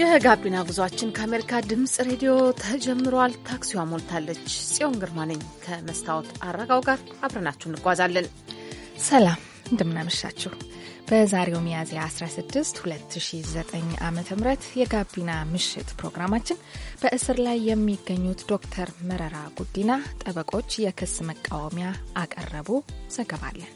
የጋቢና ጉዟችን ከአሜሪካ ድምፅ ሬዲዮ ተጀምሯል። ታክሲዋ ሞልታለች። ጽዮን ግርማ ነኝ ከመስታወት አረጋው ጋር አብረናችሁ እንጓዛለን። ሰላም እንደምናመሻችሁ። በዛሬው ሚያዝያ 16 2009 ዓ ም የጋቢና ምሽት ፕሮግራማችን በእስር ላይ የሚገኙት ዶክተር መረራ ጉዲና ጠበቆች የክስ መቃወሚያ አቀረቡ ዘገባለን።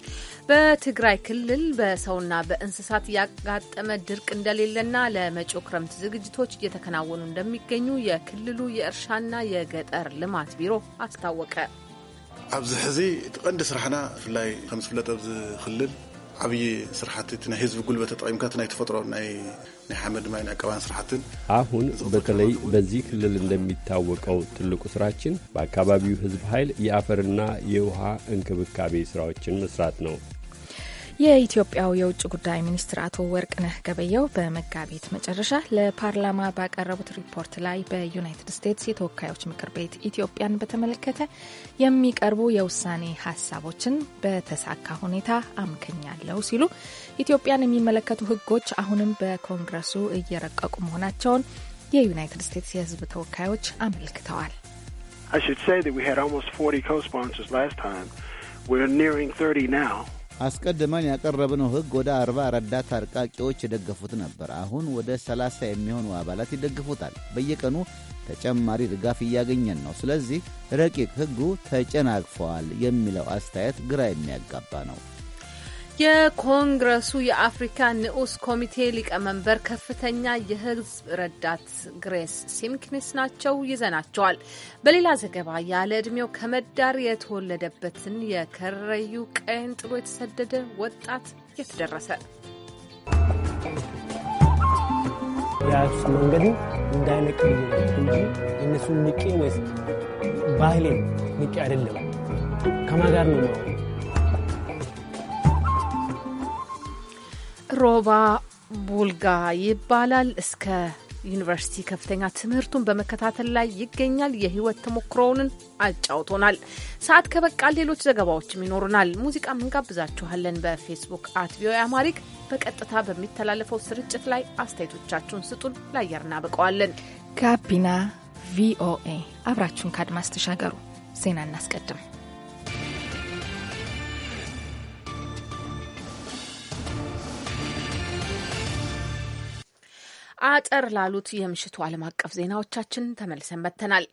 በትግራይ ክልል በሰውና በእንስሳት ያጋጠመ ድርቅ እንደሌለና ለመጪው ክረምት ዝግጅቶች እየተከናወኑ እንደሚገኙ የክልሉ የእርሻና የገጠር ልማት ቢሮ አስታወቀ። ኣብዚ ሕዚ ቀንዲ ስራሕና ብፍላይ ከም ዝፍለጥ ኣብዚ ክልል ዓብዪ ስራሕቲ እቲ ናይ ህዝቢ ጉልበት ተጠቂምካ ናይ ተፈጥሮ ናይ ሓመድ ማይ ናይ ቀባን ስራሕትን አሁን በተለይ በዚህ ክልል እንደሚታወቀው ትልቁ ስራችን በአካባቢው ህዝብ ኃይል የአፈርና የውሃ እንክብካቤ ስራዎችን መስራት ነው። የኢትዮጵያው የውጭ ጉዳይ ሚኒስትር አቶ ወርቅነህ ገበየው በመጋቢት መጨረሻ ለፓርላማ ባቀረቡት ሪፖርት ላይ በዩናይትድ ስቴትስ የተወካዮች ምክር ቤት ኢትዮጵያን በተመለከተ የሚቀርቡ የውሳኔ ሀሳቦችን በተሳካ ሁኔታ አምክኛለሁ ሲሉ ኢትዮጵያን የሚመለከቱ ሕጎች አሁንም በኮንግረሱ እየረቀቁ መሆናቸውን የዩናይትድ ስቴትስ የሕዝብ ተወካዮች አመልክተዋል። I should say that we had almost 40 co-sponsors last time. We're nearing 30 now. አስቀድመን ያቀረብነው ሕግ ወደ አርባ ረዳት አርቃቂዎች የደገፉት ነበር። አሁን ወደ ሰላሳ የሚሆኑ አባላት ይደግፉታል። በየቀኑ ተጨማሪ ድጋፍ እያገኘን ነው። ስለዚህ ረቂቅ ሕጉ ተጨናግፈዋል የሚለው አስተያየት ግራ የሚያጋባ ነው። የኮንግረሱ የአፍሪካ ንዑስ ኮሚቴ ሊቀመንበር ከፍተኛ የሕዝብ ረዳት ግሬስ ሲምክኒስ ናቸው። ይዘናቸዋል። በሌላ ዘገባ ያለ ዕድሜው ከመዳር የተወለደበትን የከረዩ ቀይን ጥሎ የተሰደደ ወጣት የተደረሰ የአክሱ መንገድ እንዳይነቅ እነሱን ንቄ ወይስ ባህሌን ንቄ አይደለም ከማጋር ነው ሮባ ቡልጋ ይባላል። እስከ ዩኒቨርሲቲ ከፍተኛ ትምህርቱን በመከታተል ላይ ይገኛል። የህይወት ተሞክሮውንን አጫውቶናል። ሰዓት ከበቃል ሌሎች ዘገባዎችም ይኖሩናል። ሙዚቃም እንጋብዛችኋለን። በፌስቡክ አት ቪኦኤ አማሪክ በቀጥታ በሚተላለፈው ስርጭት ላይ አስተያየቶቻችሁን ስጡን፣ ለአየር እናበቀዋለን። ጋቢና ቪኦኤ አብራችሁን ከአድማስ ተሻገሩ። ዜና እናስቀድም። አጠር ላሉት የምሽቱ ዓለም አቀፍ ዜናዎቻችን ተመልሰን መጥተናል።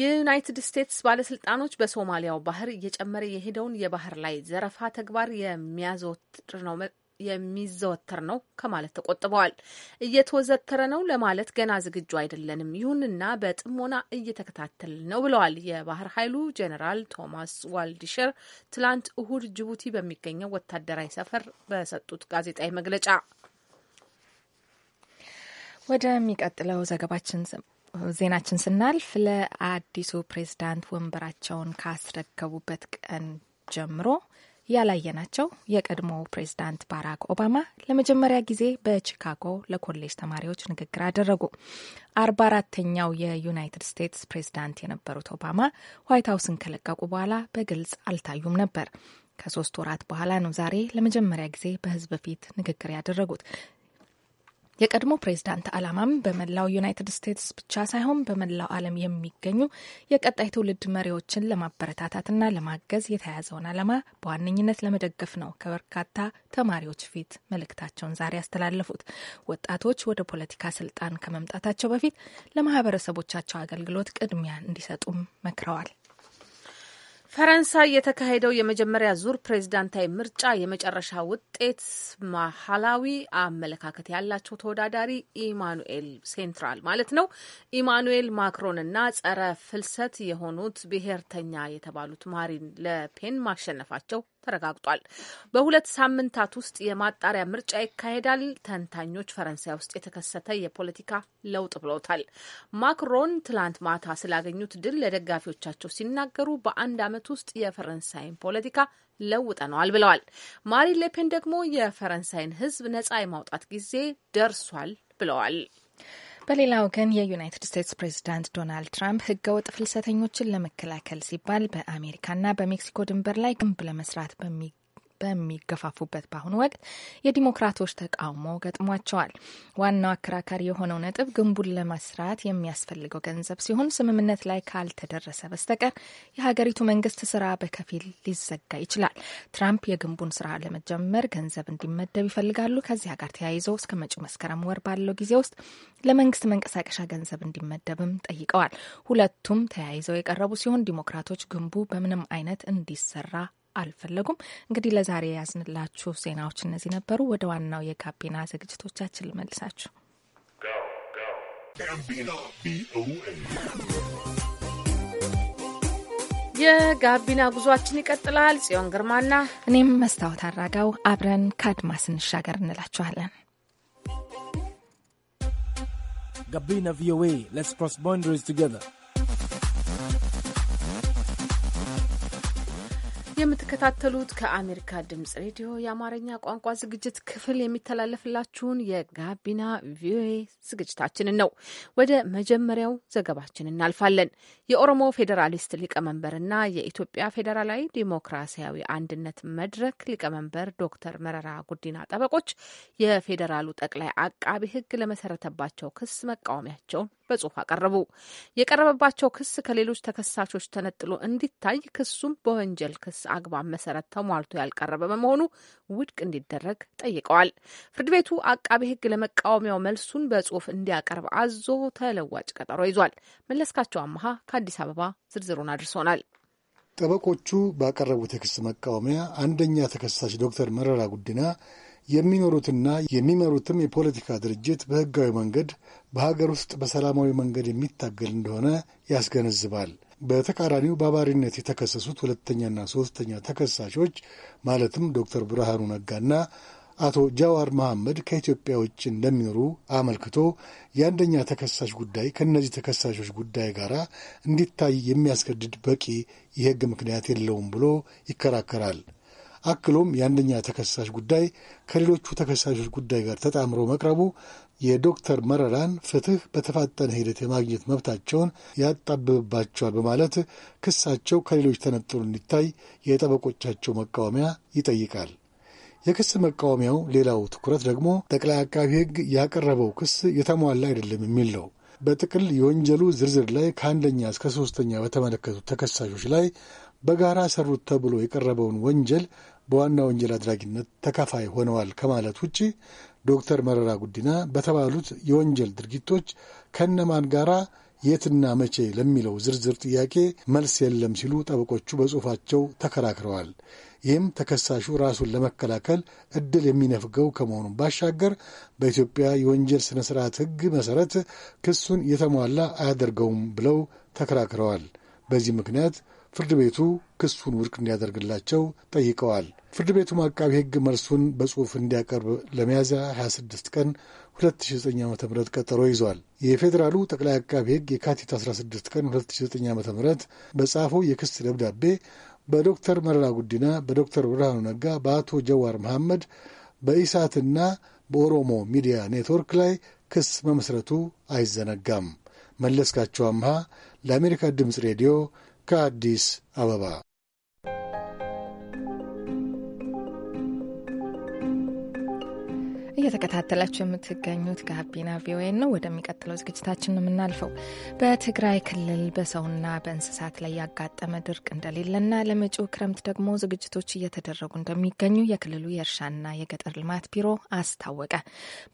የዩናይትድ ስቴትስ ባለስልጣኖች በሶማሊያው ባህር እየጨመረ የሄደውን የባህር ላይ ዘረፋ ተግባር የሚያዘወትር ነው የሚዘወተር ነው ከማለት ተቆጥበዋል። እየተወዘተረ ነው ለማለት ገና ዝግጁ አይደለንም፣ ይሁንና በጥሞና እየተከታተል ነው ብለዋል የባህር ኃይሉ ጄኔራል ቶማስ ዋልዲሸር ትላንት እሁድ ጅቡቲ በሚገኘው ወታደራዊ ሰፈር በሰጡት ጋዜጣዊ መግለጫ ወደሚቀጥለው ዘገባችን ዜናችን ስናልፍ ለአዲሱ ፕሬዝዳንት ወንበራቸውን ካስረከቡበት ቀን ጀምሮ ያላየናቸው የቀድሞው ፕሬዝዳንት ባራክ ኦባማ ለመጀመሪያ ጊዜ በቺካጎ ለኮሌጅ ተማሪዎች ንግግር አደረጉ። አርባ አራተኛው የዩናይትድ ስቴትስ ፕሬዝዳንት የነበሩት ኦባማ ዋይት ሀውስን ከለቀቁ በኋላ በግልጽ አልታዩም ነበር። ከሶስት ወራት በኋላ ነው ዛሬ ለመጀመሪያ ጊዜ በህዝብ ፊት ንግግር ያደረጉት። የቀድሞ ፕሬዚዳንት ዓላማም በመላው ዩናይትድ ስቴትስ ብቻ ሳይሆን በመላው ዓለም የሚገኙ የቀጣይ ትውልድ መሪዎችን ለማበረታታትና ለማገዝ የተያዘውን ዓላማ በዋነኝነት ለመደገፍ ነው። ከበርካታ ተማሪዎች ፊት መልእክታቸውን ዛሬ ያስተላለፉት ወጣቶች ወደ ፖለቲካ ስልጣን ከመምጣታቸው በፊት ለማህበረሰቦቻቸው አገልግሎት ቅድሚያ እንዲሰጡም መክረዋል። ፈረንሳይ የተካሄደው የመጀመሪያ ዙር ፕሬዝዳንታዊ ምርጫ የመጨረሻ ውጤት ማህላዊ አመለካከት ያላቸው ተወዳዳሪ ኢማኑኤል ሴንትራል ማለት ነው ኢማኑኤል ማክሮን እና ጸረ ፍልሰት የሆኑት ብሔርተኛ የተባሉት ማሪን ለፔን ማሸነፋቸው ተረጋግጧል። በሁለት ሳምንታት ውስጥ የማጣሪያ ምርጫ ይካሄዳል። ተንታኞች ፈረንሳይ ውስጥ የተከሰተ የፖለቲካ ለውጥ ብለውታል። ማክሮን ትላንት ማታ ስላገኙት ድል ለደጋፊዎቻቸው ሲናገሩ በአንድ ዓመት ውስጥ የፈረንሳይን ፖለቲካ ለውጠነዋል ብለዋል። ማሪን ሌፔን ደግሞ የፈረንሳይን ሕዝብ ነጻ የማውጣት ጊዜ ደርሷል ብለዋል። በሌላ ወገን የዩናይትድ ስቴትስ ፕሬዚዳንት ዶናልድ ትራምፕ ህገወጥ ፍልሰተኞችን ለመከላከል ሲባል በአሜሪካና በሜክሲኮ ድንበር ላይ ግንብ ለመስራት በሚ በሚገፋፉበት በአሁኑ ወቅት የዲሞክራቶች ተቃውሞ ገጥሟቸዋል። ዋናው አከራካሪ የሆነው ነጥብ ግንቡን ለመስራት የሚያስፈልገው ገንዘብ ሲሆን ስምምነት ላይ ካልተደረሰ በስተቀር የሀገሪቱ መንግስት ስራ በከፊል ሊዘጋ ይችላል። ትራምፕ የግንቡን ስራ ለመጀመር ገንዘብ እንዲመደብ ይፈልጋሉ። ከዚያ ጋር ተያይዞ እስከ መጪው መስከረም ወር ባለው ጊዜ ውስጥ ለመንግስት መንቀሳቀሻ ገንዘብ እንዲመደብም ጠይቀዋል። ሁለቱም ተያይዘው የቀረቡ ሲሆን ዲሞክራቶች ግንቡ በምንም አይነት እንዲሰራ አልፈለጉም። እንግዲህ ለዛሬ ያዝንላችሁ ዜናዎች እነዚህ ነበሩ። ወደ ዋናው የጋቢና ዝግጅቶቻችን ልመልሳችሁ። የጋቢና ጉዟችን ይቀጥላል። ጽዮን ግርማና እኔም መስታወት አራጋው አብረን ከአድማስ እንሻገር እንላችኋለን። ጋቢና ቪኦኤ ሌትስ ክሮስ ቦንደሪስ ቱጌዘር የምትከታተሉት ከአሜሪካ ድምጽ ሬዲዮ የአማርኛ ቋንቋ ዝግጅት ክፍል የሚተላለፍላችሁን የጋቢና ቪኦኤ ዝግጅታችንን ነው። ወደ መጀመሪያው ዘገባችን እናልፋለን። የኦሮሞ ፌዴራሊስት ሊቀመንበርና የኢትዮጵያ ፌዴራላዊ ዲሞክራሲያዊ አንድነት መድረክ ሊቀመንበር ዶክተር መረራ ጉዲና ጠበቆች የፌዴራሉ ጠቅላይ አቃቢ ሕግ ለመሰረተባቸው ክስ መቃወሚያቸውን በጽሁፍ አቀረቡ። የቀረበባቸው ክስ ከሌሎች ተከሳሾች ተነጥሎ እንዲታይ ክሱም በወንጀል ክስ አግባብ መሰረት ተሟልቶ ያልቀረበ በመሆኑ ውድቅ እንዲደረግ ጠይቀዋል። ፍርድ ቤቱ አቃቤ ሕግ ለመቃወሚያው መልሱን በጽሁፍ እንዲያቀርብ አዞ ተለዋጭ ቀጠሮ ይዟል። መለስካቸው አመሃ ከአዲስ አበባ ዝርዝሩን አድርሶናል። ጠበቆቹ ባቀረቡት የክስ መቃወሚያ አንደኛ ተከሳሽ ዶክተር መረራ ጉዲና የሚኖሩትና የሚመሩትም የፖለቲካ ድርጅት በህጋዊ መንገድ በሀገር ውስጥ በሰላማዊ መንገድ የሚታገል እንደሆነ ያስገነዝባል። በተቃራኒው በአባሪነት የተከሰሱት ሁለተኛና ሶስተኛ ተከሳሾች ማለትም ዶክተር ብርሃኑ ነጋና አቶ ጃዋር መሐመድ ከኢትዮጵያ ውጭ እንደሚኖሩ አመልክቶ የአንደኛ ተከሳሽ ጉዳይ ከእነዚህ ተከሳሾች ጉዳይ ጋር እንዲታይ የሚያስገድድ በቂ የህግ ምክንያት የለውም ብሎ ይከራከራል። አክሎም የአንደኛ ተከሳሽ ጉዳይ ከሌሎቹ ተከሳሾች ጉዳይ ጋር ተጣምሮ መቅረቡ የዶክተር መረራን ፍትህ በተፋጠነ ሂደት የማግኘት መብታቸውን ያጣብብባቸዋል በማለት ክሳቸው ከሌሎች ተነጥሎ እንዲታይ የጠበቆቻቸው መቃወሚያ ይጠይቃል። የክስ መቃወሚያው ሌላው ትኩረት ደግሞ ጠቅላይ አቃቢ ሕግ ያቀረበው ክስ የተሟላ አይደለም የሚል ነው። በጥቅል የወንጀሉ ዝርዝር ላይ ከአንደኛ እስከ ሶስተኛ በተመለከቱት ተከሳሾች ላይ በጋራ ሰሩት ተብሎ የቀረበውን ወንጀል በዋና ወንጀል አድራጊነት ተካፋይ ሆነዋል ከማለት ውጭ ዶክተር መረራ ጉዲና በተባሉት የወንጀል ድርጊቶች ከነማን ጋራ የትና መቼ ለሚለው ዝርዝር ጥያቄ መልስ የለም ሲሉ ጠበቆቹ በጽሑፋቸው ተከራክረዋል። ይህም ተከሳሹ ራሱን ለመከላከል እድል የሚነፍገው ከመሆኑ ባሻገር በኢትዮጵያ የወንጀል ስነ ስርዓት ሕግ መሠረት ክሱን የተሟላ አያደርገውም ብለው ተከራክረዋል። በዚህ ምክንያት ፍርድ ቤቱ ክሱን ውድቅ እንዲያደርግላቸው ጠይቀዋል። ፍርድ ቤቱም አቃቢ ሕግ መልሱን በጽሑፍ እንዲያቀርብ ለሚያዝያ 26 ቀን 2009 ዓ ም ቀጠሮ ይዟል። የፌዴራሉ ጠቅላይ አቃቢ ሕግ የካቲት 16 ቀን 2009 ዓ ም በጻፈው የክስ ደብዳቤ በዶክተር መረራ ጉዲና፣ በዶክተር ብርሃኑ ነጋ፣ በአቶ ጀዋር መሐመድ፣ በኢሳትና በኦሮሞ ሚዲያ ኔትወርክ ላይ ክስ መመስረቱ አይዘነጋም። መለስካቸው አምሃ ለአሜሪካ ድምፅ ሬዲዮ ከአዲስ አበባ እየተከታተላችሁ የምትገኙት ጋቢና ቪኦኤ ነው። ወደሚቀጥለው ዝግጅታችን ነው የምናልፈው። በትግራይ ክልል በሰውና በእንስሳት ላይ ያጋጠመ ድርቅ እንደሌለና ለመጪው ክረምት ደግሞ ዝግጅቶች እየተደረጉ እንደሚገኙ የክልሉ የእርሻና የገጠር ልማት ቢሮ አስታወቀ።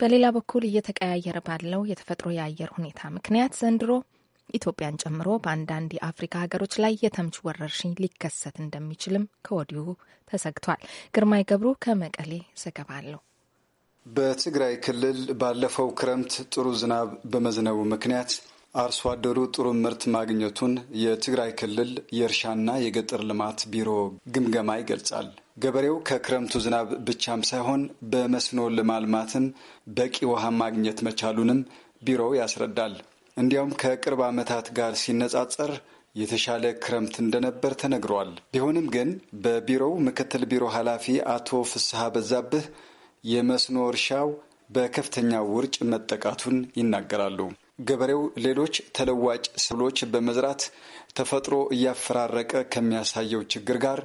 በሌላ በኩል እየተቀያየረ ባለው የተፈጥሮ የአየር ሁኔታ ምክንያት ዘንድሮ ኢትዮጵያን ጨምሮ በአንዳንድ የአፍሪካ ሀገሮች ላይ የተምች ወረርሽኝ ሊከሰት እንደሚችልም ከወዲሁ ተሰግቷል። ግርማይ ገብሩ ከመቀሌ ዘገባ አለው። በትግራይ ክልል ባለፈው ክረምት ጥሩ ዝናብ በመዝነቡ ምክንያት አርሶ አደሩ ጥሩ ምርት ማግኘቱን የትግራይ ክልል የእርሻና የገጠር ልማት ቢሮ ግምገማ ይገልጻል። ገበሬው ከክረምቱ ዝናብ ብቻም ሳይሆን በመስኖ ለማልማትም በቂ ውሃ ማግኘት መቻሉንም ቢሮው ያስረዳል። እንዲያውም ከቅርብ ዓመታት ጋር ሲነጻጸር የተሻለ ክረምት እንደነበር ተነግሯል። ቢሆንም ግን በቢሮው ምክትል ቢሮ ኃላፊ አቶ ፍስሐ በዛብህ የመስኖ እርሻው በከፍተኛ ውርጭ መጠቃቱን ይናገራሉ። ገበሬው ሌሎች ተለዋጭ ሰብሎች በመዝራት ተፈጥሮ እያፈራረቀ ከሚያሳየው ችግር ጋር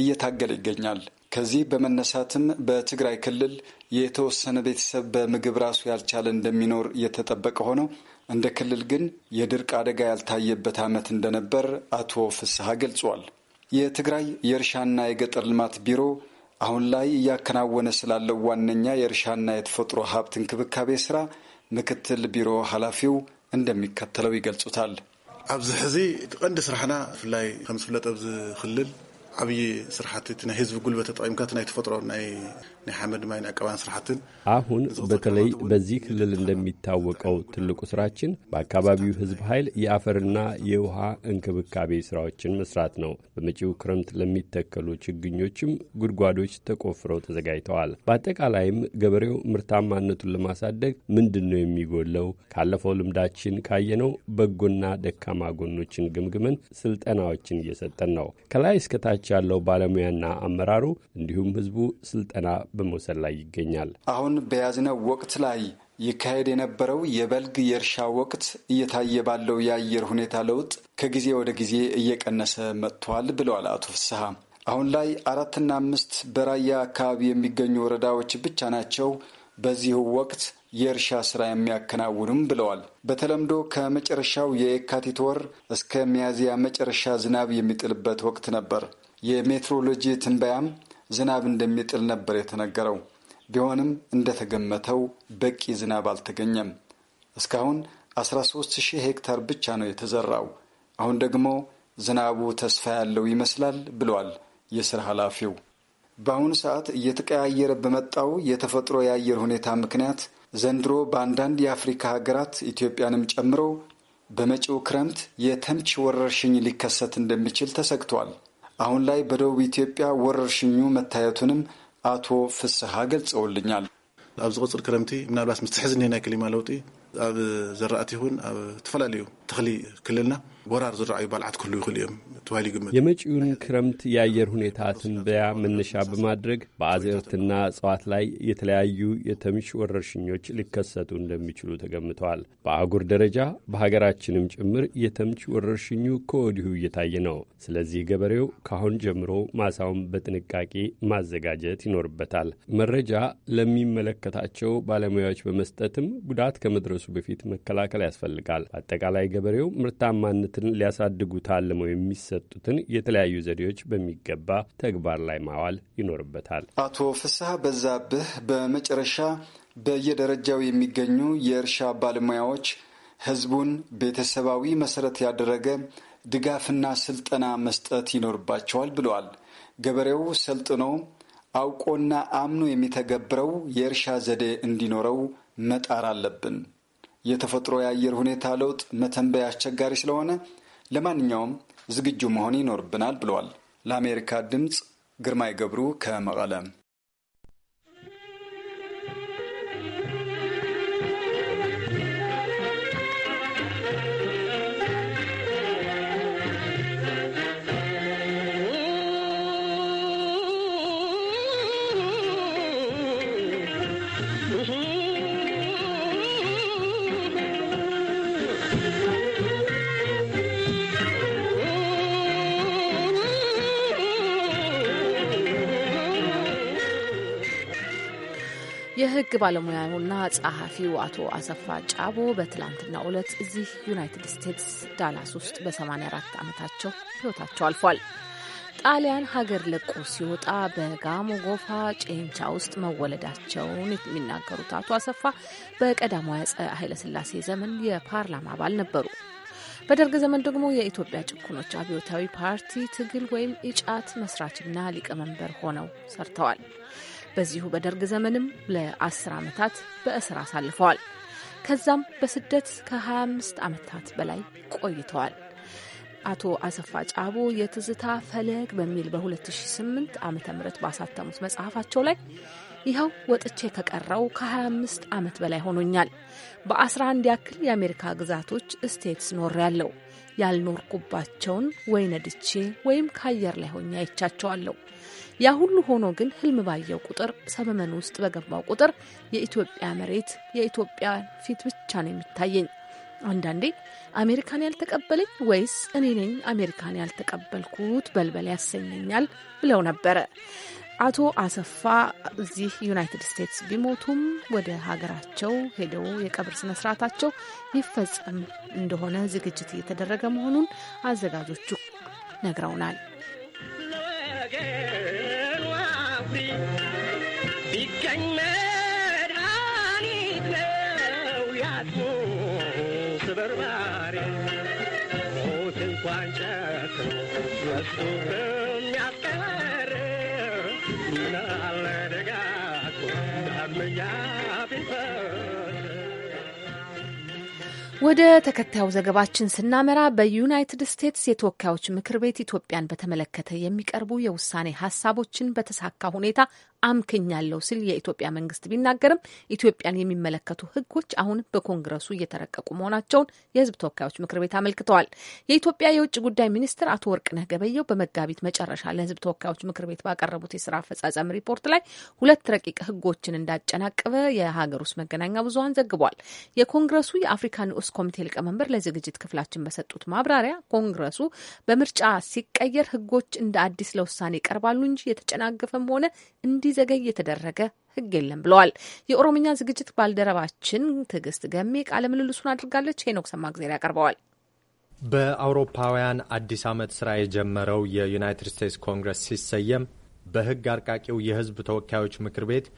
እየታገለ ይገኛል። ከዚህ በመነሳትም በትግራይ ክልል የተወሰነ ቤተሰብ በምግብ ራሱ ያልቻለ እንደሚኖር እየተጠበቀ ሆነው እንደ ክልል ግን የድርቅ አደጋ ያልታየበት ዓመት እንደነበር አቶ ፍስሐ ገልጿል። የትግራይ የእርሻና የገጠር ልማት ቢሮ አሁን ላይ እያከናወነ ስላለው ዋነኛ የእርሻና የተፈጥሮ ሀብት እንክብካቤ ስራ ምክትል ቢሮ ኃላፊው እንደሚከተለው ይገልጹታል። ኣብዚ ሕዚ ቀንዲ ስራሕና ብፍላይ ከም ዝፍለጥ ኣብዚ ክልል ዓብዪ ስራሕቲ እቲ ናይ ህዝቢ ጉልበት ተጠቂምካ ናይ ተፈጥሮ ናይ ናይ ሓመድ ማይን ኣቀባን ስራሕትን አሁን በተለይ በዚህ ክልል እንደሚታወቀው ትልቁ ስራችን በአካባቢው ህዝብ ኃይል የአፈርና የውሃ እንክብካቤ ስራዎችን መስራት ነው። በመጪው ክረምት ለሚተከሉ ችግኞችም ጉድጓዶች ተቆፍረው ተዘጋጅተዋል። በአጠቃላይም ገበሬው ምርታማነቱን ለማሳደግ ምንድን ነው የሚጎለው? ካለፈው ልምዳችን ካየነው በጎና ደካማ ጎኖችን ግምግመን ስልጠናዎችን እየሰጠን ነው። ከላይ እስከታች ያለው ባለሙያና አመራሩ እንዲሁም ህዝቡ ስልጠና በመውሰድ ላይ ይገኛል። አሁን በያዝነው ወቅት ላይ ይካሄድ የነበረው የበልግ የእርሻ ወቅት እየታየ ባለው የአየር ሁኔታ ለውጥ ከጊዜ ወደ ጊዜ እየቀነሰ መጥቷል ብለዋል አቶ ፍስሐ። አሁን ላይ አራትና አምስት በራያ አካባቢ የሚገኙ ወረዳዎች ብቻ ናቸው በዚሁ ወቅት የእርሻ ስራ የሚያከናውኑም ብለዋል። በተለምዶ ከመጨረሻው የየካቲት ወር እስከ ሚያዝያ መጨረሻ ዝናብ የሚጥልበት ወቅት ነበር። የሜትሮሎጂ ትንበያም ዝናብ እንደሚጥል ነበር የተነገረው። ቢሆንም እንደተገመተው በቂ ዝናብ አልተገኘም። እስካሁን 13 ሺህ ሄክታር ብቻ ነው የተዘራው። አሁን ደግሞ ዝናቡ ተስፋ ያለው ይመስላል ብሏል የስራ ኃላፊው። በአሁኑ ሰዓት እየተቀያየረ በመጣው የተፈጥሮ የአየር ሁኔታ ምክንያት ዘንድሮ በአንዳንድ የአፍሪካ ሀገራት ኢትዮጵያንም ጨምሮ በመጪው ክረምት የተምች ወረርሽኝ ሊከሰት እንደሚችል ተሰግቷል። አሁን ላይ በደቡብ ኢትዮጵያ ወረርሽኙ መታየቱንም አቶ ፍስሐ ገልጸውልኛል። ኣብ ዝቅፅል ክረምቲ ምናልባት ምስ ትሕዝኒ ናይ ክሊማ ለውጢ ኣብ ዘራእቲ ይሁን ኣብ ተፈላለዩ ተኽሊ ክልልና ወራር ዝረአዩ ባልዓት ክህሉ ይኽእሉ እዮም ተባሂሉ ይግመት። የመጪውን ክረምት የአየር ሁኔታ ትንበያ መነሻ በማድረግ በአዝዕርትና እጽዋት ላይ የተለያዩ የተምች ወረርሽኞች ሊከሰቱ እንደሚችሉ ተገምተዋል። በአህጉር ደረጃ በሀገራችንም ጭምር የተምች ወረርሽኙ ከወዲሁ እየታየ ነው። ስለዚህ ገበሬው ካሁን ጀምሮ ማሳውን በጥንቃቄ ማዘጋጀት ይኖርበታል። መረጃ ለሚመለከታቸው ባለሙያዎች በመስጠትም ጉዳት ከመድረሱ በፊት መከላከል ያስፈልጋል። አጠቃላይ ገበሬው ምርታማነትን ሊያሳድጉ ታልመው የሚሰጡትን የተለያዩ ዘዴዎች በሚገባ ተግባር ላይ ማዋል ይኖርበታል። አቶ ፍስሐ በዛብህ በመጨረሻ በየደረጃው የሚገኙ የእርሻ ባለሙያዎች ህዝቡን ቤተሰባዊ መሰረት ያደረገ ድጋፍና ስልጠና መስጠት ይኖርባቸዋል ብለዋል። ገበሬው ሰልጥኖ አውቆና አምኖ የሚተገብረው የእርሻ ዘዴ እንዲኖረው መጣር አለብን። የተፈጥሮ የአየር ሁኔታ ለውጥ መተንበይ አስቸጋሪ ስለሆነ ለማንኛውም ዝግጁ መሆን ይኖርብናል ብለዋል። ለአሜሪካ ድምፅ ግርማይ ገብሩ ከመቀለም። የሕግ ባለሙያውና ጸሐፊው አቶ አሰፋ ጫቦ በትላንትናው ዕለት እዚህ ዩናይትድ ስቴትስ ዳላስ ውስጥ በ84 ዓመታቸው ሕይወታቸው አልፏል። ጣሊያን ሀገር ለቆ ሲወጣ በጋሞ ጎፋ ጨንቻ ውስጥ መወለዳቸውን የሚናገሩት አቶ አሰፋ በቀዳማዊ አፄ ኃይለሥላሴ ዘመን የፓርላማ አባል ነበሩ። በደርግ ዘመን ደግሞ የኢትዮጵያ ጭቁኖች አብዮታዊ ፓርቲ ትግል ወይም ኢጫት መስራችና ሊቀመንበር ሆነው ሰርተዋል። በዚሁ በደርግ ዘመንም ለ10 ዓመታት በእስር አሳልፈዋል። ከዛም በስደት ከ25 ዓመታት በላይ ቆይተዋል። አቶ አሰፋ ጫቦ የትዝታ ፈለግ በሚል በ2008 ዓ ም ባሳተሙት መጽሐፋቸው ላይ ይኸው ወጥቼ ከቀረው ከ25 ዓመት በላይ ሆኖኛል። በ11 ያክል የአሜሪካ ግዛቶች ስቴትስ ያለው። ያልኖርኩባቸውን ወይነድቼ ወይም ከአየር ላይ ሆኜ አይቻቸዋለሁ። ያ ሁሉ ሆኖ ግን ህልም ባየው ቁጥር ሰመመን ውስጥ በገባው ቁጥር የኢትዮጵያ መሬት የኢትዮጵያ ፊት ብቻ ነው የሚታየኝ። አንዳንዴ አሜሪካን ያልተቀበለኝ ወይስ እኔ ነኝ አሜሪካን ያልተቀበልኩት በልበል ያሰኘኛል ብለው ነበረ። አቶ አሰፋ እዚህ ዩናይትድ ስቴትስ ቢሞቱም ወደ ሀገራቸው ሄደው የቀብር ስነ ስርዓታቸው ይፈጸም እንደሆነ ዝግጅት እየተደረገ መሆኑን አዘጋጆቹ ነግረውናል። Thank ወደ ተከታዩ ዘገባችን ስናመራ በዩናይትድ ስቴትስ የተወካዮች ምክር ቤት ኢትዮጵያን በተመለከተ የሚቀርቡ የውሳኔ ሀሳቦችን በተሳካ ሁኔታ አምክኛለሁ ሲል የኢትዮጵያ መንግስት ቢናገርም ኢትዮጵያን የሚመለከቱ ህጎች አሁን በኮንግረሱ እየተረቀቁ መሆናቸውን የህዝብ ተወካዮች ምክር ቤት አመልክተዋል። የኢትዮጵያ የውጭ ጉዳይ ሚኒስትር አቶ ወርቅነህ ገበየው በመጋቢት መጨረሻ ለህዝብ ተወካዮች ምክር ቤት ባቀረቡት የስራ አፈጻጸም ሪፖርት ላይ ሁለት ረቂቅ ህጎችን እንዳጨናቀበ የሀገር ውስጥ መገናኛ ብዙሀን ዘግቧል። የኮንግረሱ የአፍሪካ ንዑስ ኮሚቴ ሊቀመንበር ለዝግጅት ክፍላችን በሰጡት ማብራሪያ ኮንግረሱ በምርጫ ሲቀየር ህጎች እንደ አዲስ ለውሳኔ ይቀርባሉ እንጂ የተጨናገፈም ሆነ እንዲ እንዲዘገይ የተደረገ ህግ የለም ብለዋል። የኦሮምኛ ዝግጅት ባልደረባችን ትዕግስት ገሜ ቃለ ምልልሱን አድርጋለች። ሄኖክ ሰማግዜር ያቀርበዋል። በአውሮፓውያን አዲስ ዓመት ስራ የጀመረው የዩናይትድ ስቴትስ ኮንግረስ ሲሰየም በህግ አርቃቂው የህዝብ ተወካዮች ምክር ቤት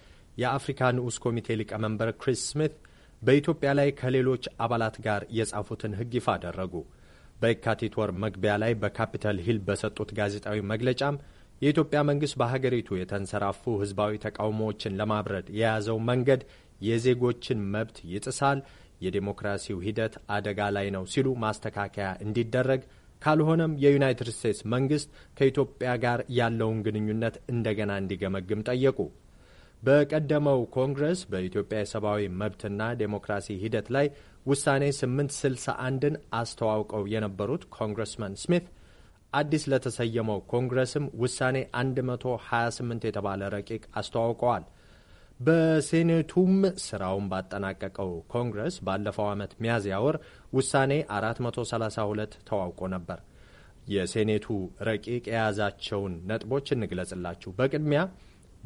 የአፍሪካ ንዑስ ኮሚቴ ሊቀመንበር ክሪስ ስሚት በኢትዮጵያ ላይ ከሌሎች አባላት ጋር የጻፉትን ህግ ይፋ አደረጉ። በየካቲት ወር መግቢያ ላይ በካፒታል ሂል በሰጡት ጋዜጣዊ መግለጫም የኢትዮጵያ መንግስት በሀገሪቱ የተንሰራፉ ህዝባዊ ተቃውሞዎችን ለማብረድ የያዘው መንገድ የዜጎችን መብት ይጥሳል፣ የዴሞክራሲው ሂደት አደጋ ላይ ነው ሲሉ ማስተካከያ እንዲደረግ ካልሆነም የዩናይትድ ስቴትስ መንግስት ከኢትዮጵያ ጋር ያለውን ግንኙነት እንደገና እንዲገመግም ጠየቁ። በቀደመው ኮንግረስ በኢትዮጵያ የሰብአዊ መብትና ዴሞክራሲ ሂደት ላይ ውሳኔ 861ን አስተዋውቀው የነበሩት ኮንግረስመን ስሚት አዲስ ለተሰየመው ኮንግረስም ውሳኔ 128 የተባለ ረቂቅ አስተዋውቀዋል። በሴኔቱም ስራውን ባጠናቀቀው ኮንግረስ ባለፈው ዓመት ሚያዝያ ወር ውሳኔ 432 ተዋውቆ ነበር። የሴኔቱ ረቂቅ የያዛቸውን ነጥቦች እንግለጽላችሁ። በቅድሚያ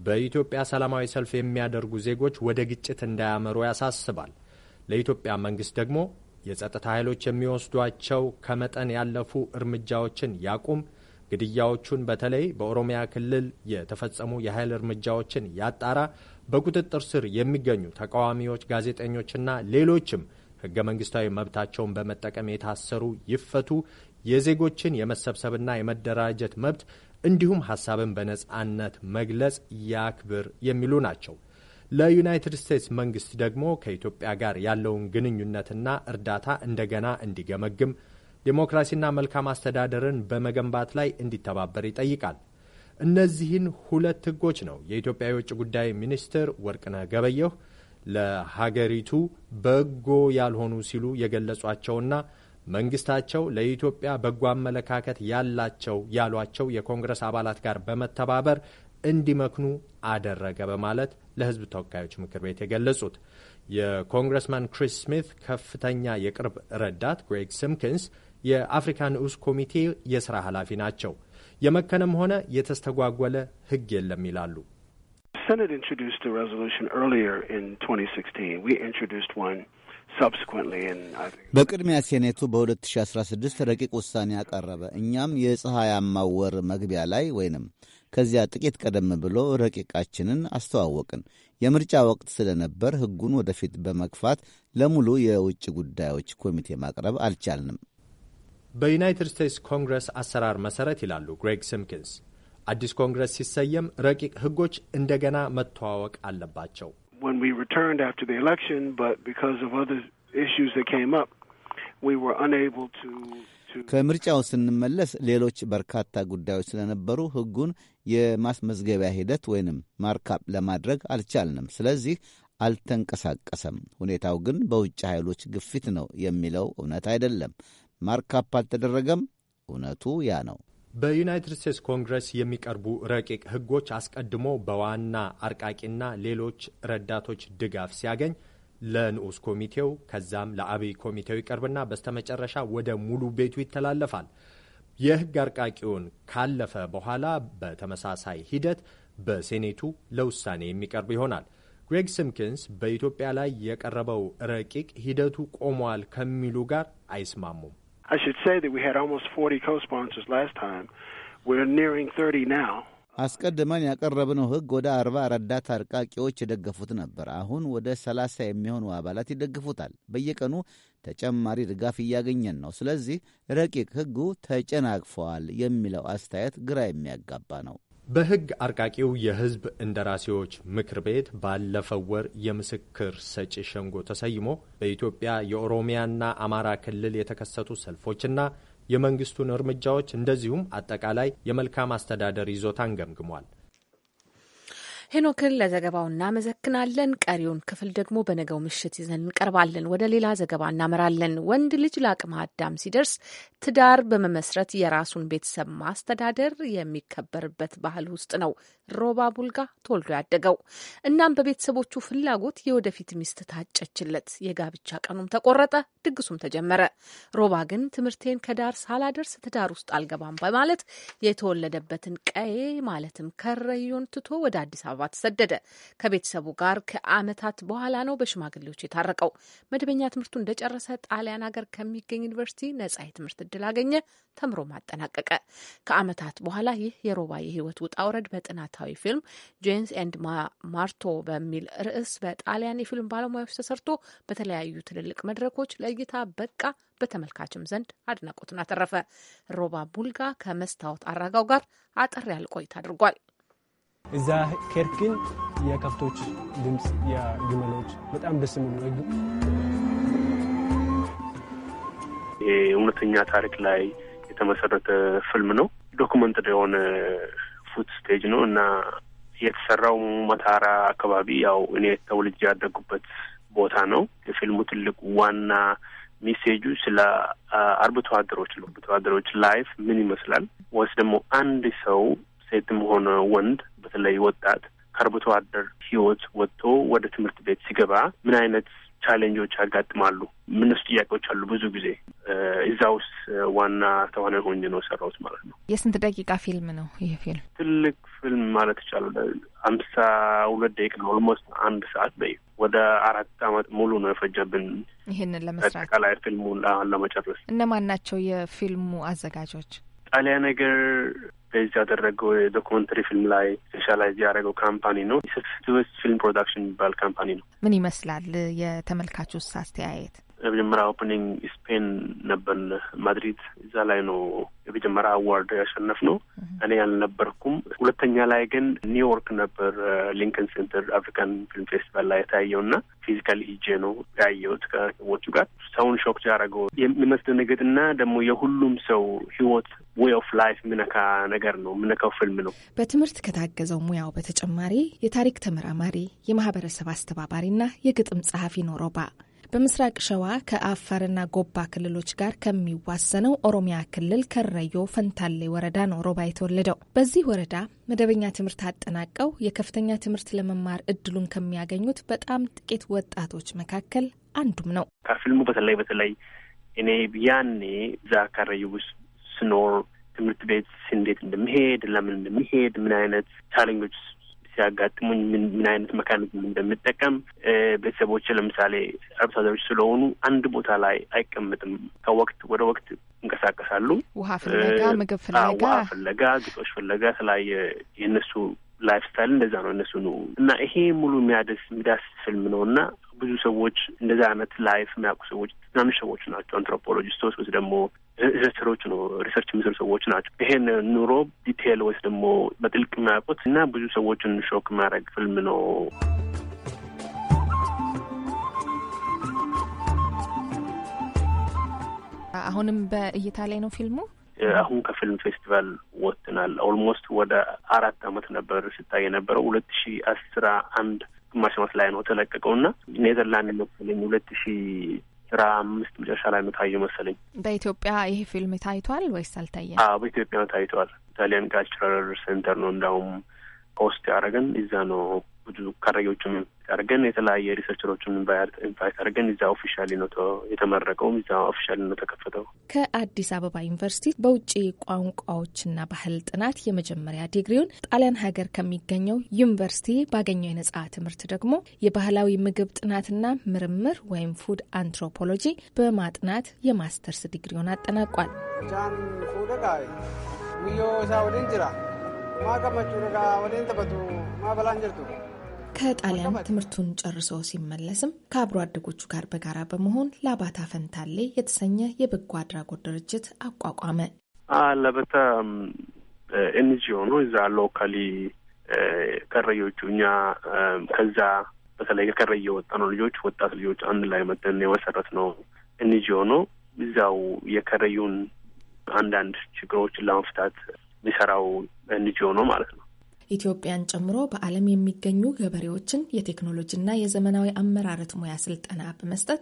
በኢትዮጵያ ሰላማዊ ሰልፍ የሚያደርጉ ዜጎች ወደ ግጭት እንዳያመሩ ያሳስባል። ለኢትዮጵያ መንግስት ደግሞ የጸጥታ ኃይሎች የሚወስዷቸው ከመጠን ያለፉ እርምጃዎችን ያቁም፣ ግድያዎቹን በተለይ በኦሮሚያ ክልል የተፈጸሙ የኃይል እርምጃዎችን ያጣራ፣ በቁጥጥር ስር የሚገኙ ተቃዋሚዎች፣ ጋዜጠኞችና ሌሎችም ህገ መንግስታዊ መብታቸውን በመጠቀም የታሰሩ ይፈቱ፣ የዜጎችን የመሰብሰብና የመደራጀት መብት እንዲሁም ሀሳብን በነጻነት መግለጽ ያክብር የሚሉ ናቸው። ለዩናይትድ ስቴትስ መንግስት ደግሞ ከኢትዮጵያ ጋር ያለውን ግንኙነትና እርዳታ እንደገና እንዲገመግም ዴሞክራሲና መልካም አስተዳደርን በመገንባት ላይ እንዲተባበር ይጠይቃል። እነዚህን ሁለት ህጎች ነው የኢትዮጵያ የውጭ ጉዳይ ሚኒስትር ወርቅነህ ገበየሁ ለሀገሪቱ በጎ ያልሆኑ ሲሉ የገለጿቸውና መንግስታቸው ለኢትዮጵያ በጎ አመለካከት ያላቸው ያሏቸው የኮንግረስ አባላት ጋር በመተባበር እንዲመክኑ አደረገ በማለት ለህዝብ ተወካዮች ምክር ቤት የገለጹት የኮንግረስማን ክሪስ ስሚት ከፍተኛ የቅርብ ረዳት ግሬግ ሲምኪንስ የአፍሪካ ንዑስ ኮሚቴ የሥራ ኃላፊ ናቸው። የመከነም ሆነ የተስተጓጎለ ህግ የለም ይላሉ። በቅድሚያ ሴኔቱ በ2016 ረቂቅ ውሳኔ አቀረበ። እኛም የፀሐያማው ወር መግቢያ ላይ ወይንም ከዚያ ጥቂት ቀደም ብሎ ረቂቃችንን አስተዋወቅን። የምርጫ ወቅት ስለነበር ሕጉን ወደፊት በመግፋት ለሙሉ የውጭ ጉዳዮች ኮሚቴ ማቅረብ አልቻልንም። በዩናይትድ ስቴትስ ኮንግረስ አሰራር መሰረት ይላሉ ግሬግ ሲምኪንስ፣ አዲስ ኮንግረስ ሲሰየም ረቂቅ ሕጎች እንደገና መተዋወቅ አለባቸው። ከምርጫው ስንመለስ ሌሎች በርካታ ጉዳዮች ስለነበሩ ሕጉን የማስመዝገቢያ ሂደት ወይንም ማርካፕ ለማድረግ አልቻልንም። ስለዚህ አልተንቀሳቀሰም። ሁኔታው ግን በውጭ ኃይሎች ግፊት ነው የሚለው እውነት አይደለም። ማርካፕ አልተደረገም። እውነቱ ያ ነው። በዩናይትድ ስቴትስ ኮንግረስ የሚቀርቡ ረቂቅ ሕጎች አስቀድሞ በዋና አርቃቂና ሌሎች ረዳቶች ድጋፍ ሲያገኝ ለንዑስ ኮሚቴው ከዛም ለአብይ ኮሚቴው ይቀርብና በስተመጨረሻ ወደ ሙሉ ቤቱ ይተላለፋል። የህግ አርቃቂውን ካለፈ በኋላ በተመሳሳይ ሂደት በሴኔቱ ለውሳኔ የሚቀርብ ይሆናል። ግሬግ ሲምኪንስ በኢትዮጵያ ላይ የቀረበው ረቂቅ ሂደቱ ቆሟል ከሚሉ ጋር አይስማሙም። I should say that we had almost 40 co-sponsors last time. We're nearing 30 now. አስቀድመን ያቀረብነው ሕግ ወደ አርባ ረዳት አርቃቂዎች የደገፉት ነበር። አሁን ወደ ሰላሳ የሚሆኑ አባላት ይደግፉታል። በየቀኑ ተጨማሪ ድጋፍ እያገኘን ነው። ስለዚህ ረቂቅ ሕጉ ተጨናቅፈዋል የሚለው አስተያየት ግራ የሚያጋባ ነው። በሕግ አርቃቂው የሕዝብ እንደራሴዎች ምክር ቤት ባለፈው ወር የምስክር ሰጪ ሸንጎ ተሰይሞ በኢትዮጵያ የኦሮሚያና አማራ ክልል የተከሰቱ ሰልፎችና የመንግስቱን እርምጃዎች እንደዚሁም አጠቃላይ የመልካም አስተዳደር ይዞታን ገምግሟል። ሄኖክን ለዘገባው እናመሰግናለን። ቀሪውን ክፍል ደግሞ በነገው ምሽት ይዘን እንቀርባለን። ወደ ሌላ ዘገባ እናመራለን። ወንድ ልጅ ለአቅመ አዳም ሲደርስ ትዳር በመመስረት የራሱን ቤተሰብ ማስተዳደር የሚከበርበት ባህል ውስጥ ነው ሮባ ቡልጋ ተወልዶ ያደገው። እናም በቤተሰቦቹ ፍላጎት የወደፊት ሚስት ታጨችለት። የጋብቻ ቀኑም ተቆረጠ፣ ድግሱም ተጀመረ። ሮባ ግን ትምህርቴን ከዳር ሳላደርስ ትዳር ውስጥ አልገባም በማለት የተወለደበትን ቀዬ ማለትም ከረዮን ትቶ ወደ አዲስ አበባ አበባ ተሰደደ። ከቤተሰቡ ጋር ከዓመታት በኋላ ነው በሽማግሌዎች የታረቀው። መደበኛ ትምህርቱ እንደጨረሰ ጣሊያን ሀገር ከሚገኝ ዩኒቨርሲቲ ነጻ የትምህርት እድል አገኘ፣ ተምሮ ማጠናቀቀ። ከዓመታት በኋላ ይህ የሮባ የህይወት ውጣ ውረድ በጥናታዊ ፊልም ጄንስ ኤንድ ማርቶ በሚል ርዕስ በጣሊያን የፊልም ባለሙያዎች ተሰርቶ በተለያዩ ትልልቅ መድረኮች ለእይታ በቃ። በተመልካችም ዘንድ አድናቆትን አተረፈ። ሮባ ቡልጋ ከመስታወት አራጋው ጋር አጠር ያለ ቆይታ አድርጓል። እዛ ኬርክ ግን የከብቶች ድምፅ፣ የግመሎች በጣም ደስ የሚሉ እውነተኛ ታሪክ ላይ የተመሰረተ ፊልም ነው። ዶክመንት የሆነ ፉት ስቴጅ ነው እና የተሰራው መታራ አካባቢ ያው እኔ ተወልጄ ያደጉበት ቦታ ነው። የፊልሙ ትልቅ ዋና ሜሴጁ ስለ አርብቶ አደሮች ነው። አርብቶ አደሮች ላይፍ ምን ይመስላል ወይስ ደግሞ አንድ ሰው ሴትም ሆነ ወንድ በተለይ ወጣት ከአርብቶ አደር ህይወት ወጥቶ ወደ ትምህርት ቤት ሲገባ ምን አይነት ቻሌንጆች ያጋጥማሉ? ምንስ ጥያቄዎች አሉ? ብዙ ጊዜ እዛ ውስጥ ዋና ተዋናይ ሆኜ ነው የሰራሁት ማለት ነው። የስንት ደቂቃ ፊልም ነው ይህ ፊልም? ትልቅ ፊልም ማለት ይቻላል። አምሳ ሁለት ደቂቃ ኦልሞስት አንድ ሰዓት በይ ወደ አራት አመት ሙሉ ነው የፈጀብን ይህንን ለመስራት አጠቃላይ ፊልሙን ለመጨረስ። እነማን ናቸው የፊልሙ አዘጋጆች? ጣሊያ ነገር ቤዝ ያደረገው የዶኩመንተሪ ፊልም ላይ ስፔሻላይዝ ያደረገው ካምፓኒ ነው። ስስ ፊልም ፕሮዳክሽን የሚባል ካምፓኒ ነው። ምን ይመስላል የተመልካቹ አስተያየት? የመጀመሪያ ኦፕኒንግ ስፔን ነበር ማድሪድ። እዛ ላይ ነው የመጀመሪያ አዋርድ ያሸነፍ ነው። እኔ አልነበርኩም። ሁለተኛ ላይ ግን ኒውዮርክ ነበር ሊንከን ሴንተር አፍሪካን ፊልም ፌስቲቫል ላይ የታየው እና ፊዚካል ሂጄ ነው ያየሁት ከሰዎቹ ጋር ሰውን ሾክ ያደረገው የመስደነገጥ እና ደግሞ የሁሉም ሰው ህይወት ዌይ ኦፍ ላይፍ ምነካ ነገር ነው ምነካው ፊልም ነው። በትምህርት ከታገዘው ሙያው በተጨማሪ የታሪክ ተመራማሪ፣ የማህበረሰብ አስተባባሪ እና የግጥም ጸሐፊ ኖሮባ በምስራቅ ሸዋ ከአፋርና ጎባ ክልሎች ጋር ከሚዋሰነው ኦሮሚያ ክልል ከረዮ ፈንታሌ ወረዳ ነው ሮባ የተወለደው። በዚህ ወረዳ መደበኛ ትምህርት አጠናቀው የከፍተኛ ትምህርት ለመማር እድሉን ከሚያገኙት በጣም ጥቂት ወጣቶች መካከል አንዱም ነው። ከፊልሙ በተለይ በተለይ እኔ ያኔ እዛ ከረዮ ውስጥ ስኖር ትምህርት ቤት እንዴት እንደሚሄድ ለምን እንደሚሄድ ምን አይነት ቻሌንጆች ሲያጋጥሙኝ ምን ምን አይነት መካኒዝም እንደምጠቀም ቤተሰቦች ለምሳሌ አርብቶ አደሮች ስለሆኑ አንድ ቦታ ላይ አይቀመጥም። ከወቅት ወደ ወቅት ይንቀሳቀሳሉ። ውሃ ፍለጋ፣ ምግብ ፍለጋ፣ ውሃ ፍለጋ፣ ግጦሽ ፍለጋ ስላየ የእነሱ ላይፍ ስታይል እንደዛ ነው እነሱ ነው እና ይሄ ሙሉ የሚያደስ የሚዳስ ፊልም ነው እና ብዙ ሰዎች እንደዛ አይነት ላይፍ የሚያውቁ ሰዎች ትናንሽ ሰዎች ናቸው። አንትሮፖሎጂስቶች ወይስ ደግሞ ሪሰርቸሮች ነው ሪሰርች የሚሰሩ ሰዎች ናቸው። ይሄን ኑሮ ዲቴል ወይስ ደግሞ በጥልቅ የሚያውቁት እና ብዙ ሰዎችን ሾክ የሚያደርግ ፊልም ነው። አሁንም በእይታ ላይ ነው ፊልሙ። አሁን ከፊልም ፌስቲቫል ወጥተናል። ኦልሞስት ወደ አራት አመት ነበር ሲታይ የነበረው ሁለት ሺ አስራ አንድ ግማሽ ላይ ነው ተለቀቀው እና ኔዘርላንድ መሰለኝ ሁለት ሺ ስራ አምስት መጨረሻ ላይ ነው ታየ መሰለኝ። በኢትዮጵያ ይሄ ፊልም ታይቷል ወይስ አልታየም? አዎ በኢትዮጵያ ነው ታይቷል። ኢታሊያን ካልቸራል ሴንተር ነው እንዳውም ፖስት ያደረገን እዛ ነው ብዙ ከረጌዎቹን አድርገን የተለያየ ሪሰርቸሮችን ኢንቫይት አድርገን እዛ ኦፊሻሊ ነው የተመረቀውም እዛ ኦፊሻሊ ነው ተከፈተው። ከአዲስ አበባ ዩኒቨርሲቲ በውጭ ቋንቋዎችና ባህል ጥናት የመጀመሪያ ዲግሪውን ጣሊያን ሀገር ከሚገኘው ዩኒቨርሲቲ ባገኘው የነጻ ትምህርት ደግሞ የባህላዊ ምግብ ጥናትና ምርምር ወይም ፉድ አንትሮፖሎጂ በማጥናት የማስተርስ ዲግሪውን አጠናቋል። ሳ ማቀመጩ ከጣሊያን ትምህርቱን ጨርሶ ሲመለስም ከአብሮ አደጎቹ ጋር በጋራ በመሆን ላባታ ፈንታሌ የተሰኘ የበጎ አድራጎት ድርጅት አቋቋመ። ለበታ ኤንጂኦ ነው። እዛ ሎካሊ ከረዮቹ እኛ ከዛ በተለይ ከከረየ ወጣ ነው ልጆች ወጣት ልጆች አንድ ላይ መጠን የመሰረት ነው ኤንጂኦ ነው። እዛው የከረዩን አንዳንድ ችግሮችን ለመፍታት የሚሰራው ኤንጂኦ ነው ማለት ነው። ኢትዮጵያን ጨምሮ በዓለም የሚገኙ ገበሬዎችን የቴክኖሎጂና የዘመናዊ አመራረት ሙያ ስልጠና በመስጠት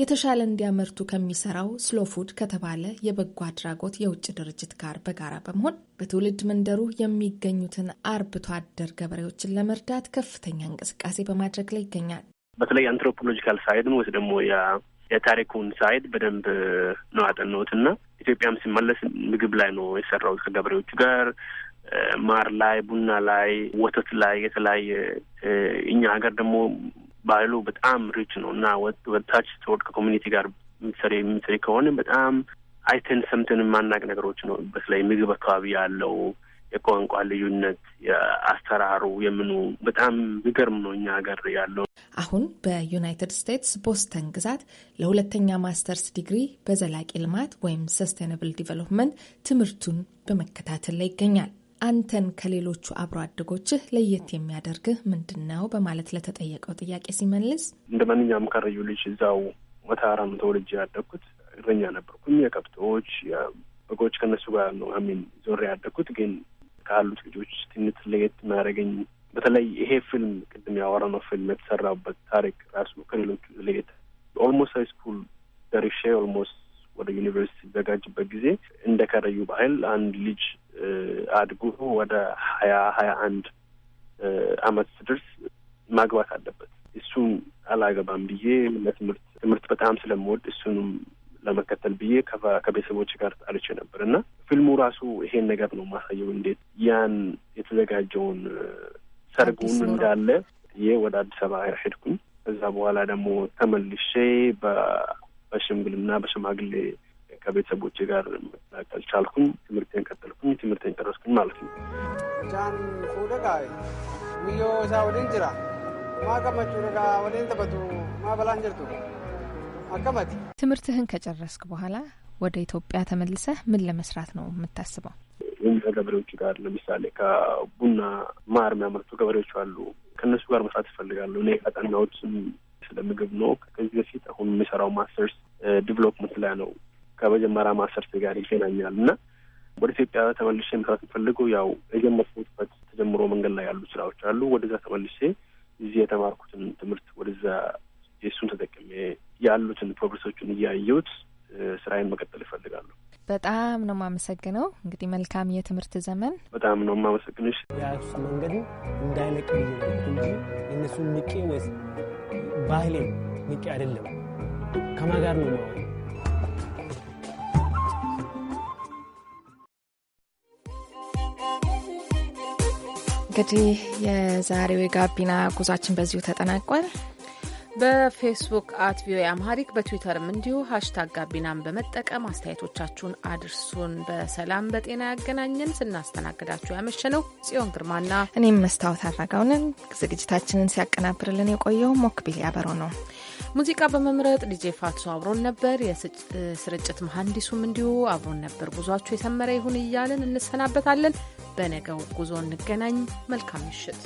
የተሻለ እንዲያመርቱ ከሚሰራው ስሎፉድ ከተባለ የበጎ አድራጎት የውጭ ድርጅት ጋር በጋራ በመሆን በትውልድ መንደሩ የሚገኙትን አርብቶ አደር ገበሬዎችን ለመርዳት ከፍተኛ እንቅስቃሴ በማድረግ ላይ ይገኛል። በተለይ አንትሮፖሎጂካል ሳይድ ወይስ ደግሞ የታሪኩን ሳይድ በደንብ ነው ያጠናሁት እና ኢትዮጵያም ሲመለስ ምግብ ላይ ነው የሰራሁት ከገበሬዎቹ ጋር ማር ላይ፣ ቡና ላይ፣ ወተት ላይ የተለያየ እኛ ሀገር ደግሞ ባህሉ በጣም ሪች ነው እና ወታች ተወድቅ ኮሚኒቲ ጋር የምትሰሪ የሚሰሪ ከሆነ በጣም አይተን ሰምተን የማናቅ ነገሮች ነው። በተለይ ምግብ አካባቢ ያለው የቋንቋ ልዩነት፣ የአሰራሩ የምኑ በጣም የሚገርም ነው እኛ ሀገር ያለው። አሁን በዩናይትድ ስቴትስ ቦስተን ግዛት ለሁለተኛ ማስተርስ ዲግሪ በዘላቂ ልማት ወይም ሰስቴናብል ዲቨሎፕመንት ትምህርቱን በመከታተል ላይ ይገኛል። አንተን ከሌሎቹ አብሮ አደጎችህ ለየት የሚያደርግህ ምንድን ነው? በማለት ለተጠየቀው ጥያቄ ሲመልስ እንደ ማንኛውም ከረዩ ልጅ እዛው መተሃራም ተወልጄ ያደግኩት እረኛ ነበርኩኝ። የከብቶች በጎች ከነሱ ጋር ነው አሚን ዞሬ ያደግኩት። ግን ካሉት ልጆች ትንት ለየት የሚያደርገኝ በተለይ ይሄ ፊልም ቅድም ያወራነው ፊልም የተሰራበት ታሪክ ራሱ ከሌሎቹ ለየት ኦልሞስት ሃይ ስኩል ደርሼ ኦልሞስት ወደ ዩኒቨርሲቲ ዘጋጅበት ጊዜ እንደ ከረዩ ባህል አንድ ልጅ አድጎ ወደ ሀያ ሀያ አንድ አመት ስድርስ ማግባት አለበት። እሱን አላገባም ብዬ ለትምህርት ትምህርት በጣም ስለምወድ እሱንም ለመከተል ብዬ ከቤተሰቦች ጋር ጣልቼ ነበር እና ፊልሙ ራሱ ይሄን ነገር ነው ማሳየው። እንዴት ያን የተዘጋጀውን ሰርጉን እንዳለ ይሄ ወደ አዲስ አበባ ሄድኩኝ። ከዛ በኋላ ደግሞ ተመልሼ በሽምግልና በሽማግሌ ከቤተሰቦቼ ጋር መቀላቀል ቻልኩኝ። ትምህርቴን ቀጠልኩኝ። ትምህርቴን ጨረስኩኝ ማለት ነው። ትምህርትህን ከጨረስክ በኋላ ወደ ኢትዮጵያ ተመልሰህ ምን ለመስራት ነው የምታስበው? ይህም ከገበሬዎች ጋር ለምሳሌ ከቡና ማር የሚያመርቱ ገበሬዎች አሉ። ከእነሱ ጋር መስራት ይፈልጋሉ። እኔ ከጠናዎችም ስለምግብ ነው ከዚህ በፊት አሁን የሚሰራው ማስተርስ ዲቨሎፕመንት ላይ ነው። ከመጀመሪያ ማሰርት ጋር ይገናኛል እና ወደ ኢትዮጵያ ተመልሼ መስራት ፈልጉ ያው የጀመርኩበት ተጀምሮ መንገድ ላይ ያሉ ስራዎች አሉ። ወደዛ ተመልሼ እዚህ የተማርኩትን ትምህርት ወደዛ የእሱን ተጠቅሜ ያሉትን ፕሮግረሶቹን እያየሁት ስራዬን መቀጠል ይፈልጋሉ። በጣም ነው የማመሰግነው። እንግዲህ መልካም የትምህርት ዘመን። በጣም ነው የማመሰግንሽ። የአክሱ መንገድ እንዳይለቅ እንጂ እነሱን ንቄ ወይስ ባህሌ ንቄ አይደለም ከማን ጋር ነው እንግዲህ የዛሬው የጋቢና ጉዟችን በዚሁ ተጠናቋል። በፌስቡክ አት ቪኦኤ አምሃሪክ በትዊተርም እንዲሁ ሀሽታግ ጋቢናን በመጠቀም አስተያየቶቻችሁን አድርሱን። በሰላም በጤና ያገናኘን። ስናስተናግዳችሁ ያመሸነው ጽዮን ግርማና እኔም መስታወት አድረጋውንን ዝግጅታችንን ሲያቀናብርልን የቆየው ሞክቢል ያበሮ ነው። ሙዚቃ በመምረጥ ዲጄ ፋቱ አብሮን ነበር። የስርጭት መሀንዲሱም እንዲሁ አብሮን ነበር። ጉዟችሁ የሰመረ ይሁን እያልን እንሰናበታለን። በነገው ጉዞ እንገናኝ። መልካም ምሽት።